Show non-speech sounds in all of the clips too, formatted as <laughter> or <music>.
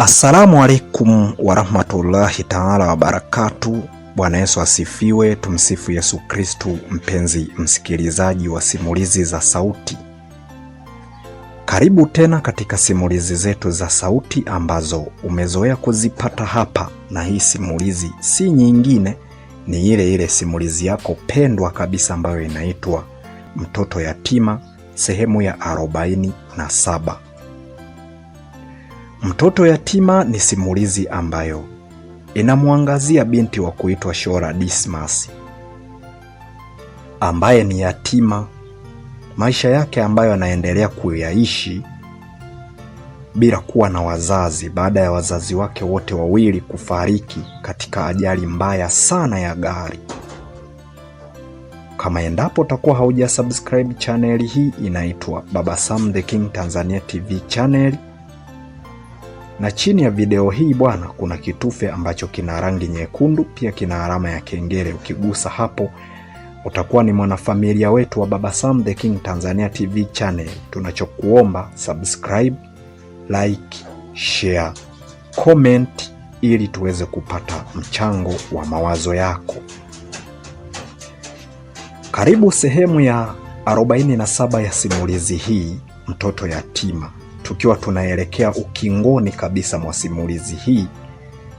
Assalamu alaikum warahmatullahi taala wabarakatu. Bwana Yesu asifiwe, tumsifu Yesu Kristu. Mpenzi msikilizaji wa simulizi za sauti, karibu tena katika simulizi zetu za sauti ambazo umezoea kuzipata hapa, na hii simulizi si nyingine, ni ile ile simulizi yako pendwa kabisa ambayo inaitwa Mtoto Yatima sehemu ya arobaini na saba. Mtoto Yatima ni simulizi ambayo inamwangazia binti wa kuitwa Shora Dismas ambaye ni yatima, maisha yake ambayo anaendelea kuyaishi bila kuwa na wazazi baada ya wazazi wake wote wawili kufariki katika ajali mbaya sana ya gari. Kama endapo utakuwa hauja subscribe chaneli hii, inaitwa Baba Sam The King Tanzania TV channel na chini ya video hii bwana, kuna kitufe ambacho kina rangi nyekundu, pia kina alama ya kengele. Ukigusa hapo utakuwa ni mwanafamilia wetu wa Baba Sam the King Tanzania TV channel. Tunachokuomba subscribe, like, share, comment ili tuweze kupata mchango wa mawazo yako. Karibu sehemu ya 47 ya simulizi hii, mtoto yatima tukiwa tunaelekea ukingoni kabisa mwa simulizi hii,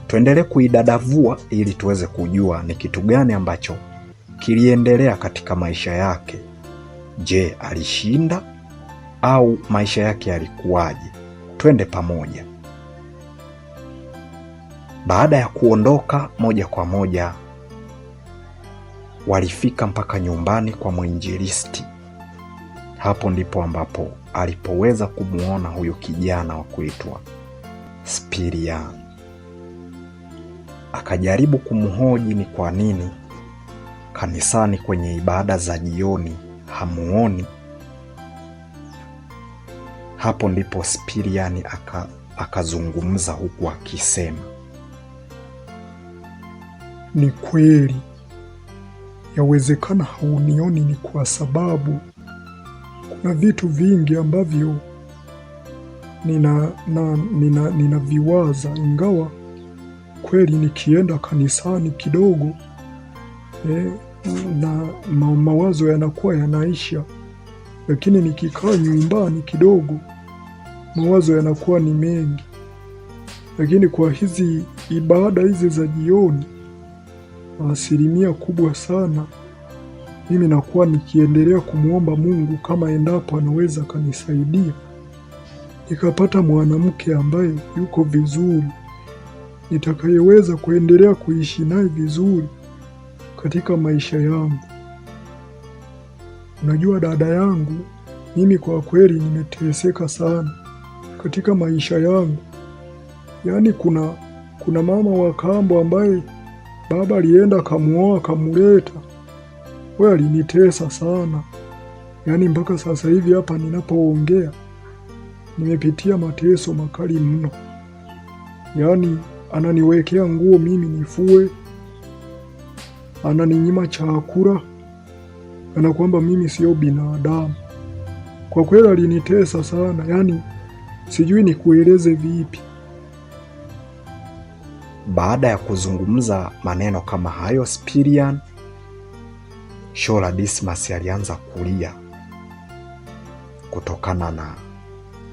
tuendelee kuidadavua ili tuweze kujua ni kitu gani ambacho kiliendelea katika maisha yake. Je, alishinda au maisha yake yalikuwaje? Twende pamoja. Baada ya kuondoka moja kwa moja walifika mpaka nyumbani kwa mwinjilisti. Hapo ndipo ambapo alipoweza kumwona huyo kijana wa kuitwa Spirian. Akajaribu kumhoji ni kwa nini kanisani kwenye ibada za jioni hamuoni. Hapo ndipo Spirian aka akazungumza huku akisema, ni kweli yawezekana haunioni ni kwa sababu na vitu vingi ambavyo nina, na, nina, ninaviwaza ingawa kweli nikienda kanisani kidogo eh, na ma, mawazo yanakuwa yanaisha, lakini nikikaa nyumbani kidogo mawazo yanakuwa ni mengi. Lakini kwa hizi ibada hizi za jioni, asilimia kubwa sana mimi nakuwa nikiendelea kumwomba Mungu kama endapo anaweza akanisaidia nikapata mwanamke ambaye yuko vizuri nitakayeweza kuendelea kuishi naye vizuri katika maisha yangu. Unajua dada yangu, mimi kwa kweli nimeteseka sana katika maisha yangu. Yaani kuna kuna mama wa kambo ambaye baba alienda akamuoa akamuleta wewe alinitesa sana, yaani mpaka sasa hivi hapa ninapoongea nimepitia mateso makali mno, yaani ananiwekea nguo mimi nifue, ananinyima chakula, kana kwamba mimi sio binadamu. Kwa kweli alinitesa sana, yaani sijui nikueleze vipi. Baada ya kuzungumza maneno kama hayo, Spirian Shola Dismas alianza kulia kutokana na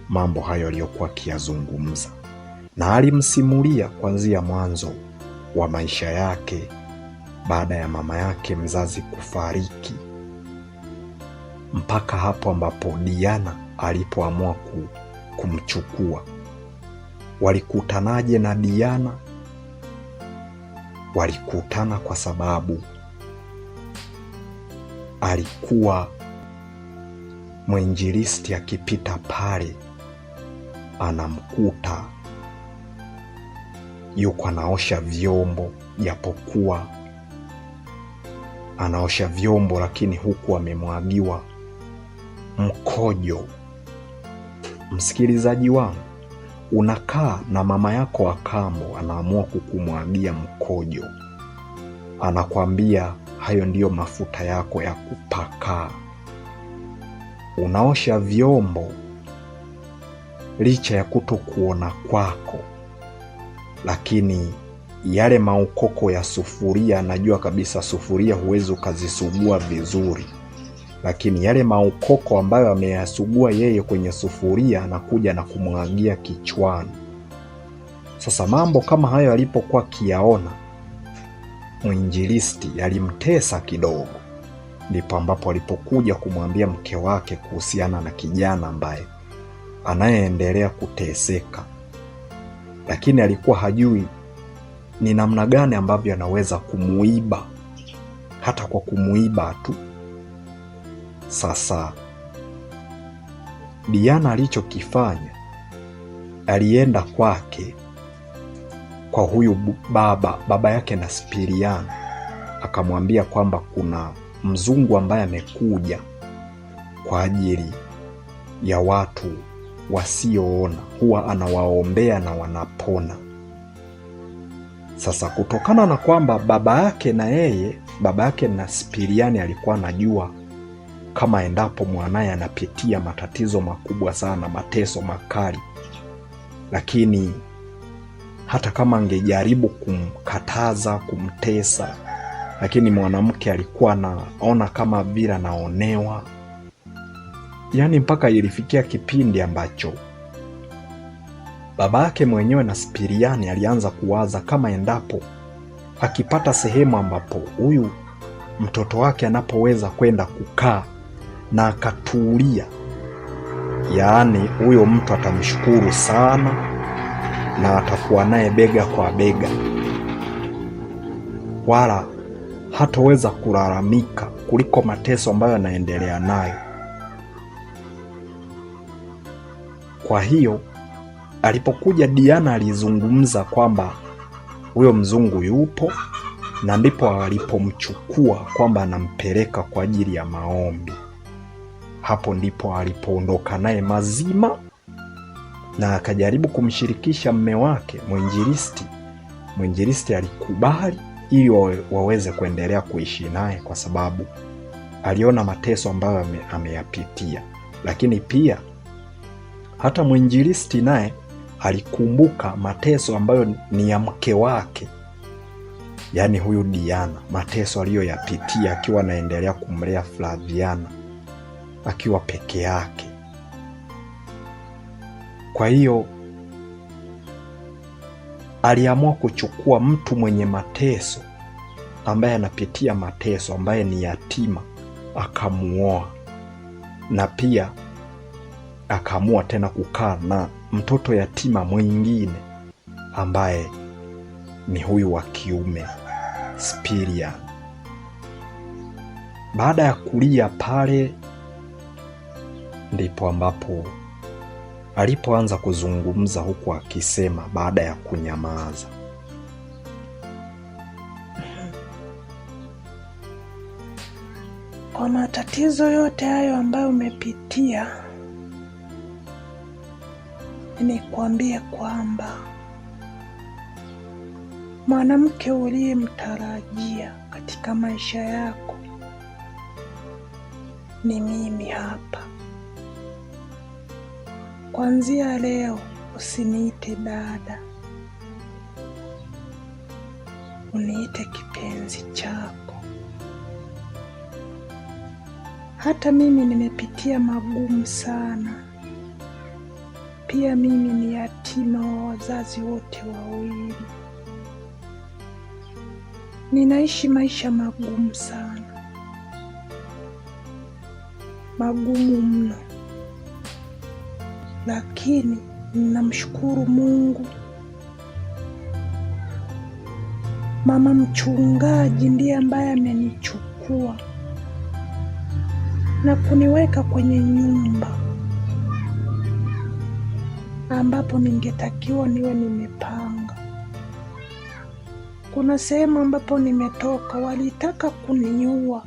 mambo hayo aliyokuwa akiyazungumza, na alimsimulia kuanzia mwanzo wa maisha yake baada ya mama yake mzazi kufariki mpaka hapo ambapo Diana alipoamua kumchukua. Walikutanaje na Diana? Walikutana kwa sababu alikuwa mwinjilisti akipita pale anamkuta yuko anaosha vyombo, japokuwa anaosha vyombo lakini huku amemwagiwa mkojo. Msikilizaji wangu, unakaa na mama yako wa kambo anaamua kukumwagia mkojo, anakwambia hayo ndiyo mafuta yako ya kupaka. Unaosha vyombo licha ya kuto kuona kwako, lakini yale maukoko ya sufuria, najua kabisa sufuria huwezi ukazisugua vizuri, lakini yale maukoko ambayo ameyasugua yeye kwenye sufuria anakuja na kumwagia kichwani. Sasa mambo kama hayo alipokuwa akiyaona mwinjilisti yalimtesa kidogo, ndipo ambapo alipokuja kumwambia mke wake kuhusiana na kijana ambaye anayeendelea kuteseka, lakini alikuwa hajui ni namna gani ambavyo anaweza kumuiba, hata kwa kumuiba tu. Sasa Diana alichokifanya, alienda kwake kwa huyu baba, baba yake na spirian akamwambia kwamba kuna mzungu ambaye amekuja kwa ajili ya watu wasioona, huwa anawaombea na wanapona. Sasa kutokana na kwamba baba yake na yeye, baba yake na Spiriani alikuwa anajua kama endapo mwanaye anapitia matatizo makubwa sana, mateso makali, lakini hata kama angejaribu kumkataza, kumtesa, lakini mwanamke alikuwa anaona kama vile anaonewa. Yaani mpaka ilifikia kipindi ambacho baba yake mwenyewe na Spiriani alianza kuwaza kama endapo akipata sehemu ambapo huyu mtoto wake anapoweza kwenda kukaa na akatulia, yaani huyo mtu atamshukuru sana na watakuwa naye bega kwa bega, wala hatoweza kulalamika kuliko mateso ambayo anaendelea nayo. Kwa hiyo alipokuja Diana alizungumza kwamba huyo mzungu yupo, na ndipo alipomchukua kwamba anampeleka kwa ajili ya maombi. Hapo ndipo alipoondoka naye mazima na akajaribu kumshirikisha mme wake mwinjilisti. Mwinjilisti alikubali ili waweze kuendelea kuishi naye, kwa sababu aliona mateso ambayo ameyapitia. Lakini pia hata mwinjilisti naye alikumbuka mateso ambayo ni ya mke wake, yaani huyu Diana, mateso aliyoyapitia akiwa anaendelea kumlea Flaviana akiwa peke yake kwa hiyo aliamua kuchukua mtu mwenye mateso ambaye anapitia mateso, ambaye ni yatima, akamuoa na pia akaamua tena kukaa na mtoto yatima mwingine ambaye ni huyu wa kiume Spiria. Baada ya kulia pale, ndipo ambapo alipoanza kuzungumza huku akisema baada ya kunyamaza. Kwa matatizo yote hayo ambayo umepitia, nikuambie kwamba mwanamke uliyemtarajia katika maisha yako ni mimi hapa. Kuanzia leo usiniite dada, uniite kipenzi chako. Hata mimi nimepitia magumu sana. Pia mimi ni yatima wa wazazi wote wawili. Ninaishi maisha magumu sana, magumu mno lakini ninamshukuru Mungu. Mama mchungaji ndiye ambaye amenichukua na kuniweka kwenye nyumba ambapo ningetakiwa niwe nimepanga. Kuna sehemu ambapo nimetoka, walitaka kuniua.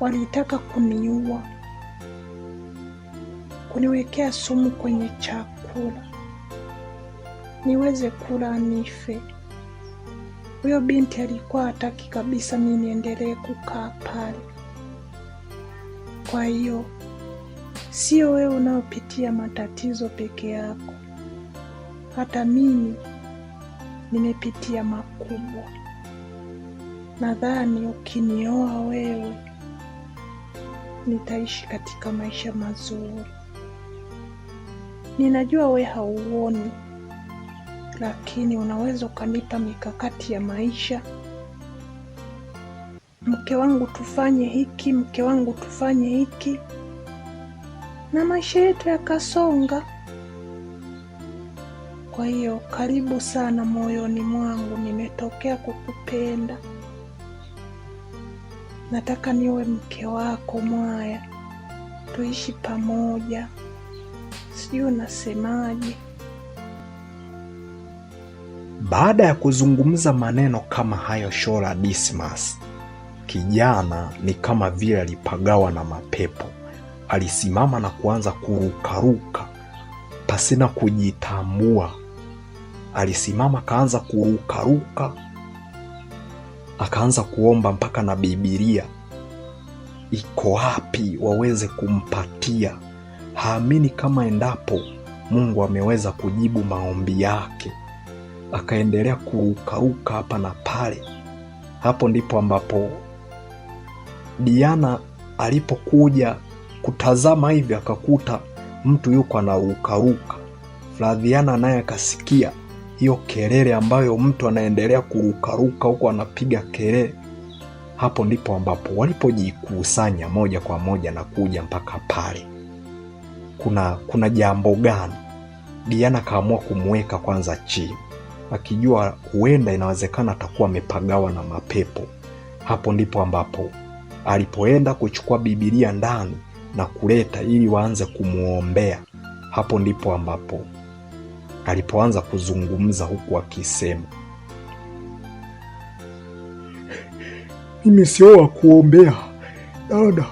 walitaka kuniua, kuniwekea sumu kwenye chakula niweze kula nife. Huyo binti alikuwa hataki kabisa mi niendelee kukaa pale. Kwa hiyo sio wewe unaopitia matatizo peke yako, hata mimi nimepitia makubwa. Nadhani ukinioa wewe nitaishi katika maisha mazuri. Ninajua we hauoni, lakini unaweza ukanipa mikakati ya maisha. Mke wangu, tufanye hiki, mke wangu, tufanye hiki, na maisha yetu yakasonga. Kwa hiyo karibu sana moyoni mwangu, nimetokea kukupenda nataka niwe mke wako Mwaya, tuishi pamoja, sijui unasemaje? Baada ya kuzungumza maneno kama hayo, Shola Dismas kijana ni kama vile alipagawa na mapepo. Alisimama na kuanza kurukaruka pasina kujitambua. Alisimama kaanza kurukaruka akaanza kuomba mpaka na Biblia iko wapi waweze kumpatia. Haamini kama endapo Mungu ameweza kujibu maombi yake, akaendelea kuukauka hapa na pale. Hapo ndipo ambapo Diana alipokuja kutazama hivi, akakuta mtu yuko anaukauka. Flaviana naye akasikia hiyo kelele ambayo mtu anaendelea kurukaruka huko anapiga kelele, hapo ndipo ambapo walipojikusanya moja kwa moja na kuja mpaka pale. Kuna, kuna jambo gani? Diana akaamua kumweka kwanza chini, akijua huenda inawezekana atakuwa amepagawa na mapepo. Hapo ndipo ambapo alipoenda kuchukua bibilia ndani na kuleta ili waanze kumwombea. Hapo ndipo ambapo alipoanza kuzungumza huku akisema, mimi sio wa kuombea dada,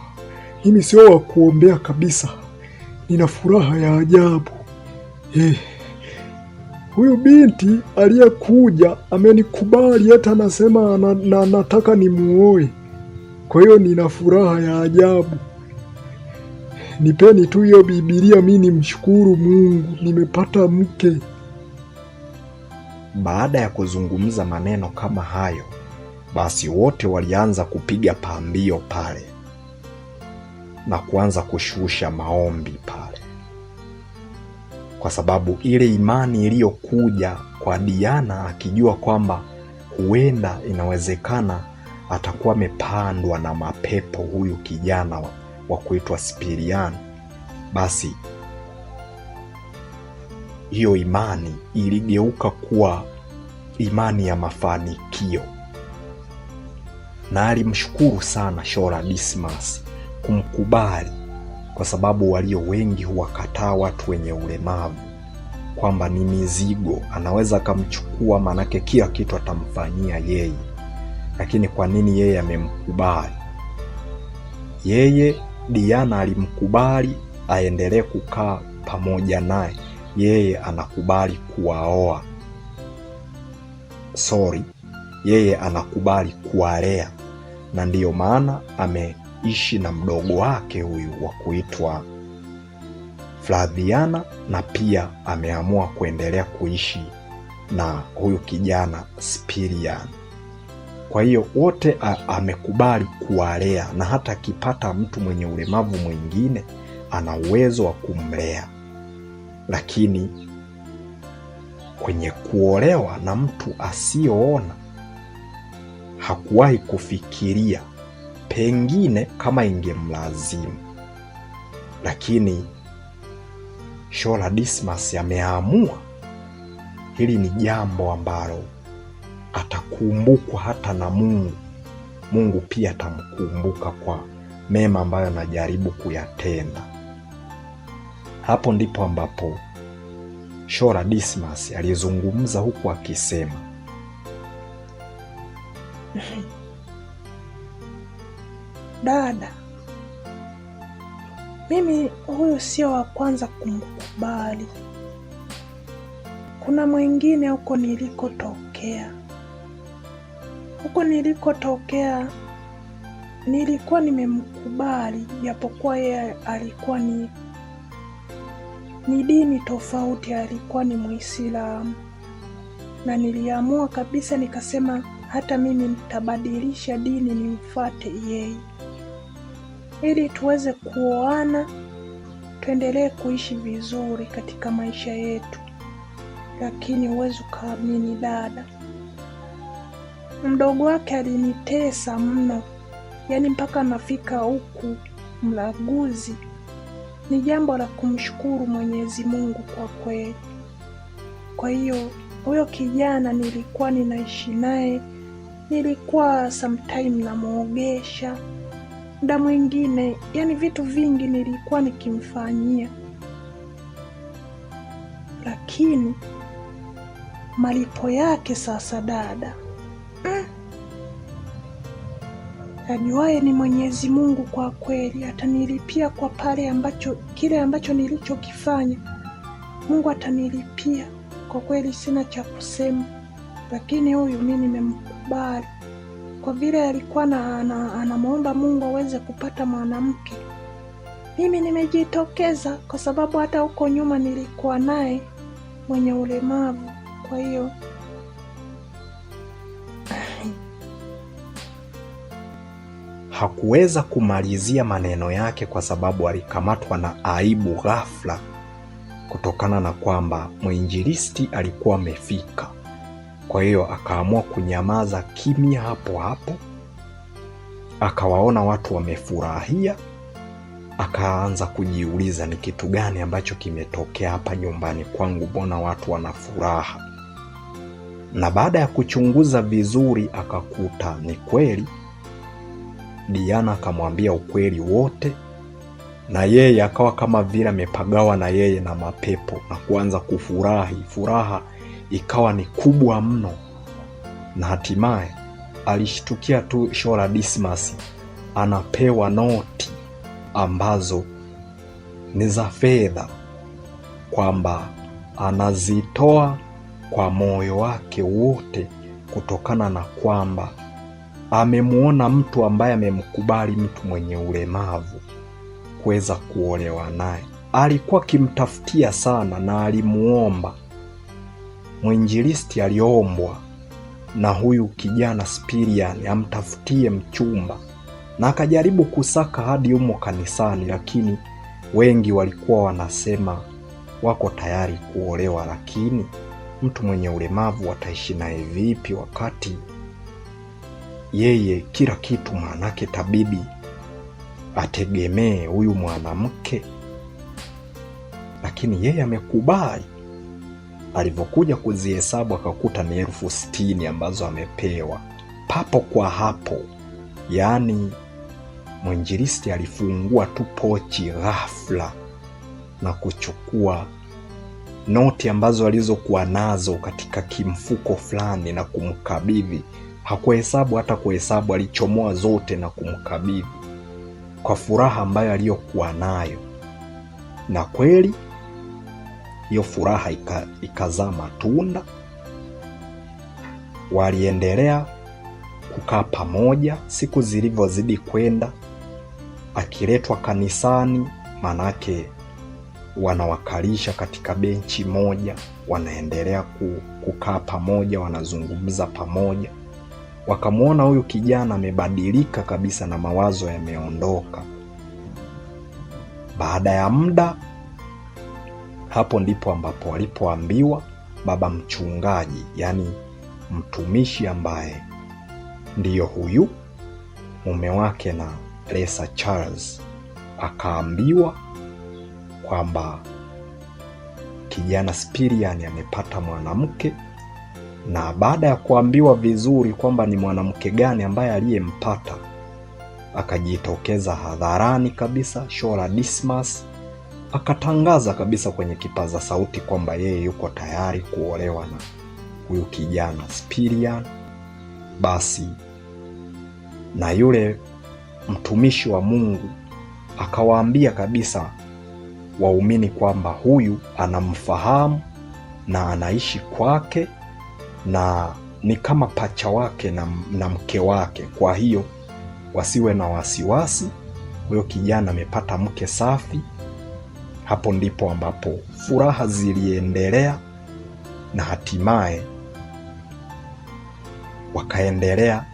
mimi sio wa kuombea kabisa, nina furaha ya ajabu eh. Huyu binti aliyekuja amenikubali, hata anasema na, na, nataka nimuoe. Kwa hiyo nina furaha ya ajabu nipeni tu hiyo Bibilia, mi nimshukuru Mungu nimepata mke. Baada ya kuzungumza maneno kama hayo, basi wote walianza kupiga pambio pale na kuanza kushusha maombi pale, kwa sababu ile imani iliyokuja kwa Diana, akijua kwamba huenda inawezekana atakuwa amepandwa na mapepo huyu kijana wa wa kuitwa Spiriano. Basi hiyo imani iligeuka kuwa imani ya mafanikio, na alimshukuru sana Shora Dismas kumkubali, kwa sababu walio wengi huwakataa watu wenye ulemavu kwamba ni mizigo, anaweza akamchukua, manake kila kitu atamfanyia yeye. Lakini kwa nini yeye amemkubali? Yeye Diana alimkubali aendelee kukaa pamoja naye, yeye anakubali kuwaoa sorry, yeye anakubali kuwalea, na ndiyo maana ameishi na mdogo wake huyu wa kuitwa Flaviana, na pia ameamua kuendelea kuishi na huyu kijana Spirian. Kwa hiyo wote amekubali kuwalea, na hata akipata mtu mwenye ulemavu mwingine ana uwezo wa kumlea. Lakini kwenye kuolewa na mtu asiyoona hakuwahi kufikiria, pengine kama ingemlazimu. Lakini Shola Dismas ameamua hili ni jambo ambalo atakumbukwa hata na Mungu. Mungu pia atamkumbuka kwa mema ambayo anajaribu kuyatenda. Hapo ndipo ambapo Shora Dismas alizungumza huku akisema, <laughs> dada, mimi huyu sio wa kwanza kumkubali, kuna mwingine huko nilikotokea huko nilikotokea nilikuwa nimemkubali, japokuwa yeye alikuwa ni ni dini tofauti, alikuwa ni Muislamu, na niliamua kabisa nikasema, hata mimi nitabadilisha dini nimfate yeye ili tuweze kuoana, tuendelee kuishi vizuri katika maisha yetu. Lakini huwezi ukaamini dada Mdogo wake alinitesa mno, yaani mpaka nafika huku Mlaguzi. Ni jambo la kumshukuru Mwenyezi Mungu kwa kweli. Kwa hiyo huyo kijana nilikuwa ninaishi naye, nilikuwa sometime namwogesha, muda mwingine, yaani vitu vingi nilikuwa nikimfanyia, lakini malipo yake sasa, dada ajuaye ni Mwenyezi Mungu kwa kweli atanilipia kwa pale ambacho kile ambacho nilichokifanya. Mungu atanilipia kwa kweli, sina cha kusema, lakini huyu mimi nimemkubali kwa vile alikuwa anamwomba Mungu aweze kupata mwanamke. Mimi nimejitokeza kwa sababu hata huko nyuma nilikuwa naye mwenye ulemavu, kwa hiyo Hakuweza kumalizia maneno yake kwa sababu alikamatwa na aibu ghafla, kutokana na kwamba mwinjilisti alikuwa amefika. Kwa hiyo akaamua kunyamaza kimya hapo hapo, akawaona watu wamefurahia, akaanza kujiuliza ni kitu gani ambacho kimetokea hapa nyumbani kwangu, mbona watu wana furaha? Na baada ya kuchunguza vizuri, akakuta ni kweli Diana akamwambia ukweli wote, na yeye akawa kama vile amepagawa na yeye na mapepo na kuanza kufurahi. Furaha ikawa ni kubwa mno, na hatimaye alishtukia tu Shola Dismas anapewa noti ambazo ni za fedha, kwamba anazitoa kwa moyo wake wote kutokana na kwamba amemwona mtu ambaye amemkubali mtu mwenye ulemavu kuweza kuolewa naye. Alikuwa akimtafutia sana na alimuomba mwinjilisti, aliombwa na huyu kijana Spirian amtafutie mchumba, na akajaribu kusaka hadi humo kanisani, lakini wengi walikuwa wanasema wako tayari kuolewa, lakini mtu mwenye ulemavu wataishi naye vipi wakati yeye kila kitu, mwanake tabibi ategemee huyu mwanamke, lakini yeye amekubali. Alivyokuja kuzihesabu akakuta ni elfu sitini ambazo amepewa papo kwa hapo. Yaani mwinjilisti alifungua tu pochi ghafla na kuchukua noti ambazo alizokuwa nazo katika kimfuko fulani na kumkabidhi Hakuhesabu hata kuhesabu, alichomoa zote na kumkabidhi kwa furaha ambayo aliyokuwa nayo, na kweli hiyo furaha ikazaa matunda. Waliendelea kukaa pamoja siku zilivyozidi kwenda, akiletwa kanisani, manake wanawakalisha katika benchi moja, wanaendelea kukaa pamoja, wanazungumza pamoja wakamwona huyu kijana amebadilika kabisa na mawazo yameondoka. Baada ya muda, hapo ndipo ambapo walipoambiwa baba mchungaji, yaani mtumishi ambaye ndiyo huyu mume wake na Lesa Charles, akaambiwa kwamba kijana Spirian amepata mwanamke na baada ya kuambiwa vizuri kwamba ni mwanamke gani ambaye aliyempata, akajitokeza hadharani kabisa Shora Dismas, akatangaza kabisa kwenye kipaza sauti kwamba yeye yuko tayari kuolewa na huyu kijana Spirian. Basi na yule mtumishi wa Mungu akawaambia kabisa waumini kwamba huyu anamfahamu na anaishi kwake na ni kama pacha wake na, na mke wake. Kwa hiyo wasiwe na wasiwasi. Huyo kijana amepata mke safi. Hapo ndipo ambapo furaha ziliendelea na hatimaye wakaendelea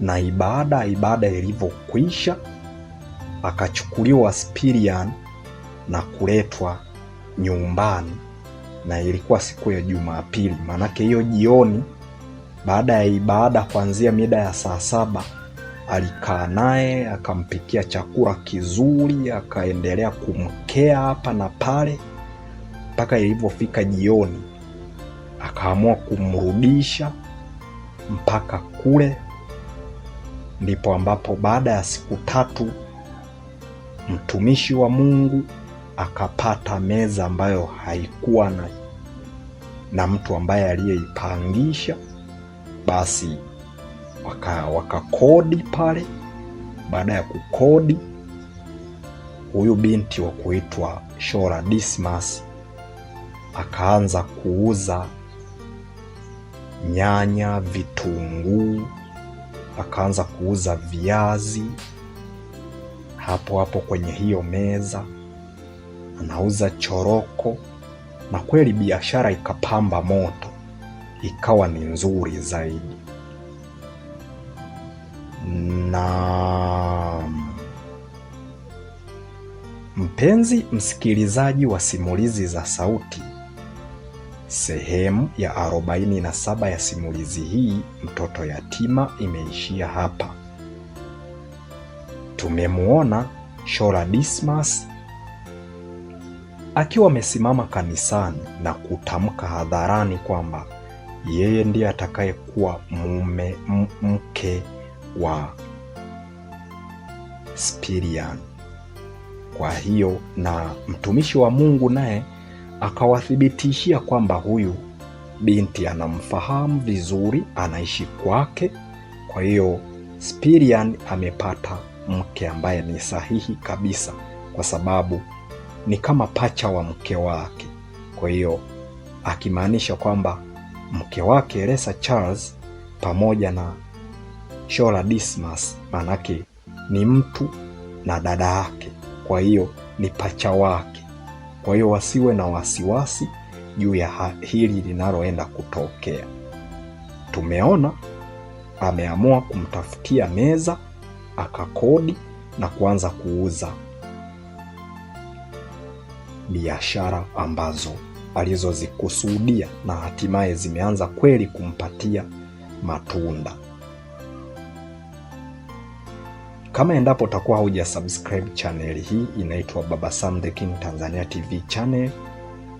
na ibada. Ibada ilivyokwisha, akachukuliwa Spirian na kuletwa nyumbani na ilikuwa siku ya Jumapili, maanake hiyo jioni baada ya ibada kuanzia mida ya saa saba alikaa naye akampikia chakula kizuri, akaendelea kumkea hapa na pale mpaka ilivyofika jioni, akaamua kumrudisha mpaka kule. Ndipo ambapo baada ya siku tatu mtumishi wa Mungu akapata meza ambayo haikuwa na na mtu ambaye aliyeipangisha, basi wakakodi waka pale. Baada ya kukodi, huyu binti wa kuitwa Shora Dismas akaanza kuuza nyanya, vitunguu, akaanza kuuza viazi hapo hapo kwenye hiyo meza, anauza choroko na kweli biashara ikapamba moto, ikawa ni nzuri zaidi. Na mpenzi msikilizaji wa simulizi za sauti, sehemu ya 47 ya simulizi hii Mtoto Yatima imeishia hapa. Tumemwona Shola Dismas akiwa amesimama kanisani na kutamka hadharani kwamba yeye ndiye atakayekuwa mume mke wa Spirian. Kwa hiyo na mtumishi wa Mungu naye akawathibitishia kwamba huyu binti anamfahamu vizuri, anaishi kwake. Kwa hiyo Spirian amepata mke ambaye ni sahihi kabisa, kwa sababu ni kama pacha wa mke wake. Kwa hiyo akimaanisha kwamba mke wake Lesa Charles pamoja na Shola Dismas manake ni mtu na dada yake, kwa hiyo ni pacha wake. Kwa hiyo wasiwe na wasiwasi juu ya hili linaloenda kutokea. Tumeona ameamua kumtafutia meza akakodi na kuanza kuuza biashara ambazo alizozikusudia na hatimaye zimeanza kweli kumpatia matunda. Kama endapo utakuwa huja subscribe chaneli hii, inaitwa Baba Sam The King Tanzania TV channel,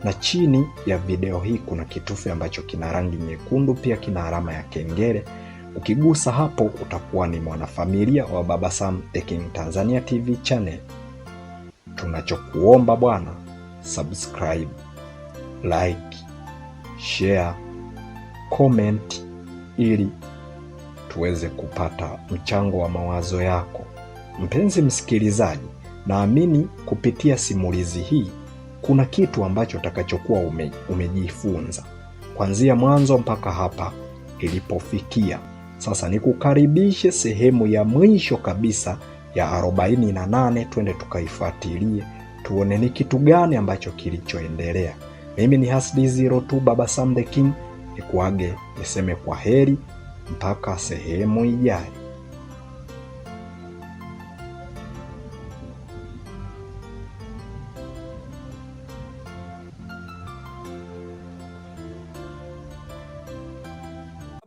na chini ya video hii kuna kitufe ambacho kina rangi nyekundu, pia kina alama ya kengele. Ukigusa hapo utakuwa ni mwanafamilia wa Baba Sam The King Tanzania TV channel. Tunachokuomba bwana subscribe, like, share, comment ili tuweze kupata mchango wa mawazo yako. Mpenzi msikilizaji, naamini kupitia simulizi hii kuna kitu ambacho utakachokuwa ume, umejifunza kuanzia mwanzo mpaka hapa ilipofikia. Sasa nikukaribishe sehemu ya mwisho kabisa ya 48, twende tukaifuatilie tuone ni kitu gani ambacho kilichoendelea. Mimi ni Hasdi Zero tu, Baba Sam the King, nikuage niseme kwa heri mpaka sehemu ijayo.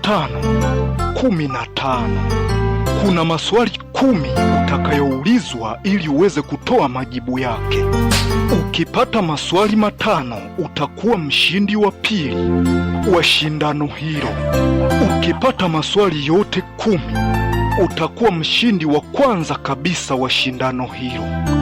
tano kumi na tano. Kuna maswali kumi utakayoulizwa ili uweze kutoa majibu yake. Ukipata maswali matano utakuwa mshindi wa pili wa shindano hilo. Ukipata maswali yote kumi utakuwa mshindi wa kwanza kabisa wa shindano hilo